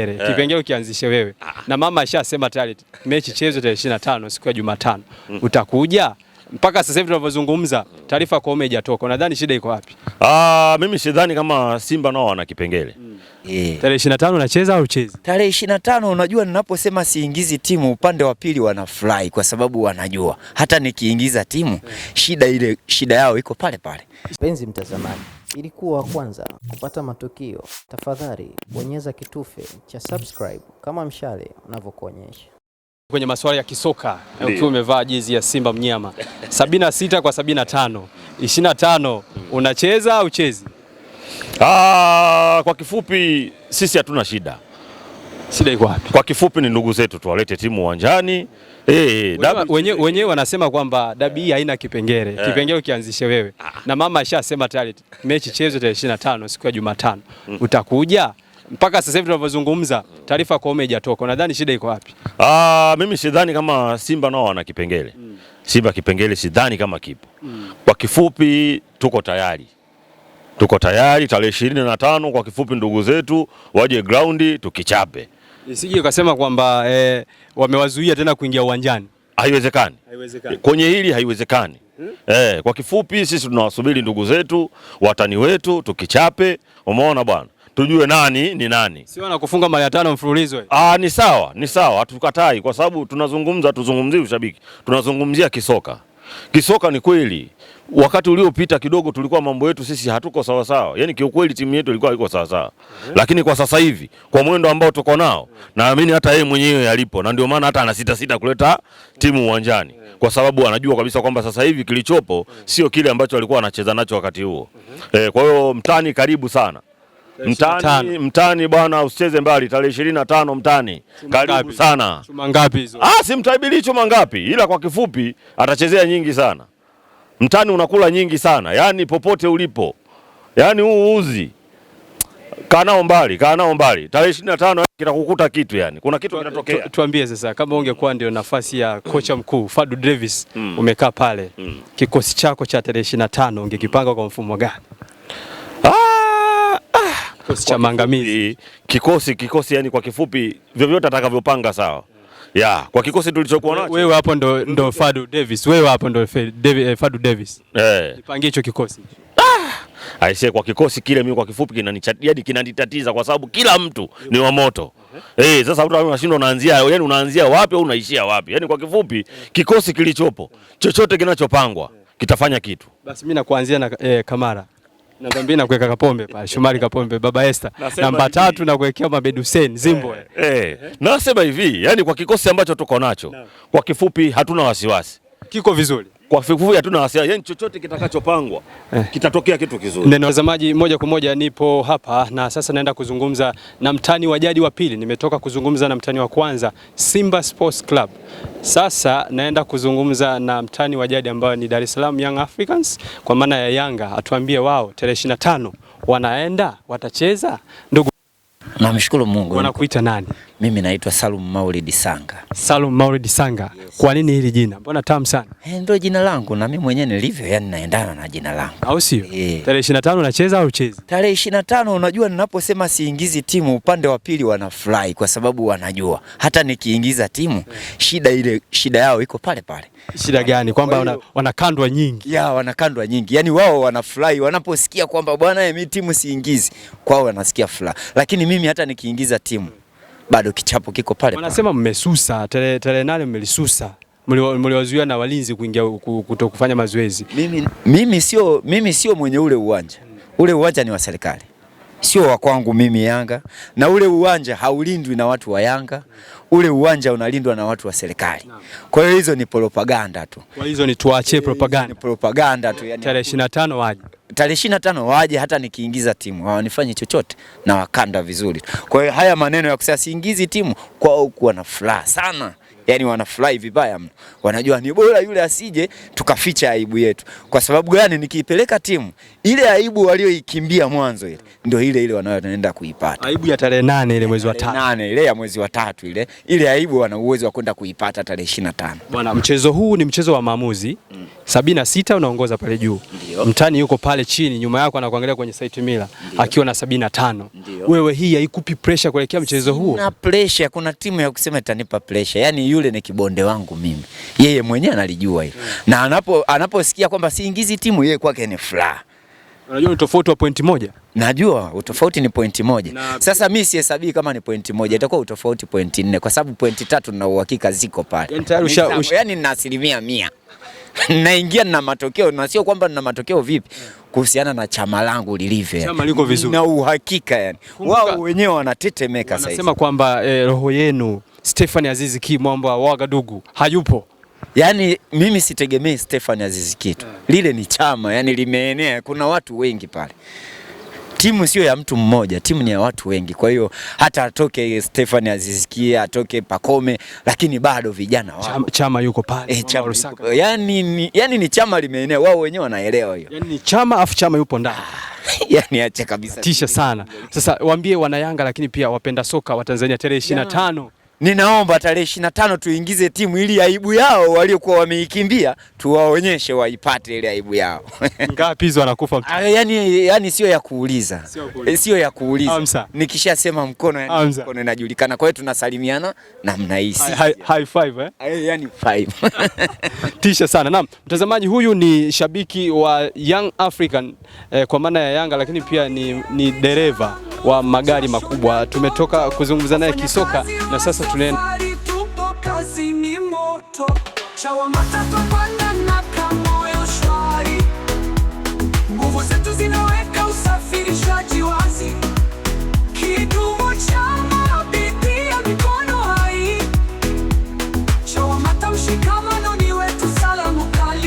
kipengele yeah. Kipengele ukianzishe wewe ah. Na mama ashasema tayari mechi chezo tarehe 25 siku ya Jumatano mm. Utakuja mpaka sasa hivi tunavyozungumza taarifa kwa ume haijatoka. Unadhani shida iko wapi? Ah, mimi sidhani kama Simba nao wana kipengele mm. yeah. tarehe 25 unacheza au uchezi tarehe 25? Unajua, ninaposema siingizi timu, upande wa pili wanafurahi kwa sababu wanajua hata nikiingiza timu shida ile shida yao iko pale pale. Penzi mtazamaji, ilikuwa kwanza kupata matukio, tafadhali bonyeza kitufe cha subscribe kama mshale unavyokuonyesha. Kwenye masuala ya kisoka ukiwa umevaa jezi ya Simba mnyama 76 kwa 75 25, unacheza au uchezi? Ah, kwa kifupi sisi hatuna shida. Shida iko wapi? Kwa kifupi ni ndugu zetu tuwalete timu uwanjani. Eh, eh wenyewe wenye wanasema kwamba dabi hii haina kipengele. Yeah. Kipengele ukianzishe wewe. Ah. Na mama ashasema tayari mechi chezo tarehe 25 siku ya Jumatano. Mm. Utakuja? mpaka sasa hivi tunavyozungumza taarifa kwa ume haijatoka. Nadhani shida iko wapi? Ah, mimi sidhani kama Simba nao wana kipengele mm. Simba kipengele sidhani kama kipo mm. Kwa kifupi tuko tayari, tuko tayari tarehe ishirini na tano kwa kifupi, ndugu zetu waje ground tukichape, isije ukasema kwamba e, wamewazuia tena kuingia uwanjani. Haiwezekani, haiwezekani kwenye hili haiwezekani. Hmm? Eh, kwa kifupi sisi tunawasubiri ndugu zetu watani wetu tukichape, umeona bwana tujue nani ni nani. Sio na kufunga mara ya tano mfululizo. Ah, ni sawa, ni sawa, hatukatai kwa sababu tunazungumza, tuzungumzie ushabiki, tunazungumzia kisoka. Kisoka ni kweli, wakati uliopita kidogo tulikuwa mambo yetu sisi hatuko sawa sawa, yani kiukweli timu yetu ilikuwa haiko sawa sawa mm -hmm. Lakini kwa sasa hivi kwa mwendo ambao tuko nao mm -hmm. naamini hata yeye mwenyewe alipo, na ndio maana hata ana sita sita kuleta timu uwanjani mm -hmm. kwa sababu anajua kabisa kwamba sasa hivi kilichopo mm -hmm. sio kile ambacho alikuwa anacheza nacho wakati huo mm -hmm. E, kwa hiyo mtani karibu sana mtani, mtani bwana, usicheze mbali tarehe ishirini na tano mtani. Karibu sana. Chuma ngapi hizo? Ah, simtaibili chuma ngapi, ila kwa kifupi atachezea nyingi sana mtani, unakula nyingi sana yani popote ulipo, yani huu uzi kaa nao mbali, kaa nao mbali. Tarehe ishirini na tano yaani, kitakukuta kitu, yani kuna kitu kinatokea. Tu, tuambie sasa, kama ungekuwa ndio nafasi ya kocha mkuu Fadu Davis mm. umekaa pale mm. kikosi chako cha tarehe ishirini na tano ungekipanga kwa mfumo gani? kikosi cha maangamizi kikosi kikosi, yani kwa kifupi, vyovyote atakavyopanga sawa ya kwa kikosi tulichokuwa nacho. Wewe hapo ndo ndo Fadu Davis, wewe hapo ndo eh, Fadu Davis eh, nipangie hicho kikosi ah, aisee, kwa kikosi kile mimi kwa kifupi kinanichadi kinanitatiza kwa sababu kila mtu ni wa moto uh -huh. eh, hey, sasa mtu unashindwa unaanzia, yani unaanzia wapi au unaishia wapi? Yani kwa kifupi kikosi kilichopo chochote kinachopangwa kitafanya kitu. Basi mimi nakuanzia na eh, Kamara Nakwambia dhambi na kuweka Kapombe pale eh. Shumari Kapombe, Baba Esther namba tatu na kuwekea Mabeduseni Zimbo. Eh, eh, nasema hivi, yani kwa kikosi ambacho tuko nacho kwa kifupi hatuna wasiwasi, kiko vizuri kwa ya tuna wasiwasi, yani chochote kitakachopangwa eh, kitatokea kitu kizuri. Neno watazamaji, moja kwa moja nipo hapa na sasa naenda kuzungumza na mtani wa jadi wa pili. Nimetoka kuzungumza na mtani wa kwanza Simba Sports Club, sasa naenda kuzungumza na mtani wa jadi ambayo ni Dar es Salaam Young Africans kwa maana ya Yanga, atuambie wao tarehe 25 wanaenda watacheza. Ndugu, namshukuru Mungu. Wanakuita nani? Mimi naitwa Salum Maulid Sanga. Salum Maulid Sanga. Yes. Kwa nini hili jina? Mbona tamu sana? Eh, ndio jina langu na mimi mwenyewe nilivyo, yani naendana na jina langu. Au sio? E. Tarehe 25 unacheza au uchezi? Tarehe 25 unajua ninaposema siingizi timu upande wa pili wanafurahi kwa sababu wanajua hata nikiingiza timu Shida ile shida yao iko pale pale. Shida gani? Kwamba wana, wanakandwa nyingi. Ya, wanakandwa nyingi. Yaani wao wanafurahi wanaposikia kwamba bwana mimi eh, timu siingizi. Kwao wanasikia furaha. Lakini mimi hata nikiingiza timu bado kichapo kiko pale. Wanasema mmesusa tarehe nane, mmelisusa mliwazuia na walinzi kuingia kuto kufanya mazoezi. Mimi, mimi sio mimi sio mwenye ule uwanja, ule uwanja ni wa serikali sio wa kwangu mimi Yanga, na ule uwanja haulindwi na watu wa Yanga, ule uwanja unalindwa na watu wa serikali. Kwa hiyo hizo ni propaganda tu, kwa hizo ni tuache propaganda, ni propaganda tu. Yani tarehe 25 waje, tarehe 25 waje, hata nikiingiza timu hawanifanyi chochote na wakanda vizuri. Kwa hiyo haya maneno ya kusema siingizi timu kwao kuwa na furaha sana yani wanafurahi vibaya mno, wanajua ni bora yule asije tukaficha aibu yetu. Kwa sababu gani? Nikiipeleka timu ile aibu walioikimbia mwanzo, ile ndio ile ile wanaenda kuipata, aibu ya tarehe nane ile mwezi wa tatu, nane ile ya mwezi wa tatu ile ile aibu wana uwezo wa kwenda kuipata tarehe 25. Bwana, mchezo huu ni mchezo wa maamuzi sabini na sita unaongoza pale juu, mtani yuko pale chini nyuma yako anakuangalia kwenye site mila akiwa na sabini na tano. Wewe hii haikupi pressure kuelekea mchezo huo? Na pressure, kuna timu ya kusema itanipa pressure. Yani yule ni kibonde wangu mimi, yeye mwenyewe analijua hilo hmm. na anapo anaposikia kwamba siingizi timu, yeye kwake ni furaha. Unajua ni tofauti wa pointi moja. Najua utofauti ni pointi moja na... Sasa mi sihesabii kama ni pointi moja, itakuwa utofauti pointi nne, kwa sababu pointi tatu na uhakika ziko pale, yani yaani na asilimia mia naingia na matokeo na sio kwamba na matokeo vipi kuhusiana na chama langu lilivyo, chama liko vizuri na uhakika yani. Wao wenyewe wanatetemeka sasa, wanasema kwamba eh, roho yenu Stefani Azizi Ki mwamba wa Wagadugu hayupo. Yaani mimi sitegemei Stefani Azizi kitu eh. lile ni chama yani limeenea, kuna watu wengi pale timu sio ya mtu mmoja, timu ni ya watu wengi. Kwa hiyo hata atoke Stefan azisikie atoke Pakome, lakini bado vijana wao chama, chama yuko pale e, chama yuko, yani, ni, yani ni chama limeenea, wao wenyewe wanaelewa hiyo yani, chama afu chama yupo ndani ah, yani acha kabisa, tisha sana. Sasa waambie wanayanga, lakini pia wapenda soka wa Tanzania tarehe 25 Ninaomba tarehe ishirini na tano tuingize timu ili aibu yao waliokuwa wameikimbia tuwaonyeshe waipate ile aibu yao. Ngapi hizo anakufa mtu? Ah, yani, yani sio ya kuuliza, sio ya kuuliza. Eh, Nikishasema mkono, yani mkono inajulikana. Kwa hiyo tunasalimiana namna hii, high five eh, eh yani five. Tisha sana. Naam, mtazamaji, huyu ni shabiki wa Young African eh, kwa maana ya Yanga, lakini pia ni, ni dereva wa magari makubwa. Tumetoka kuzungumza naye kisoka na sasa tunaenda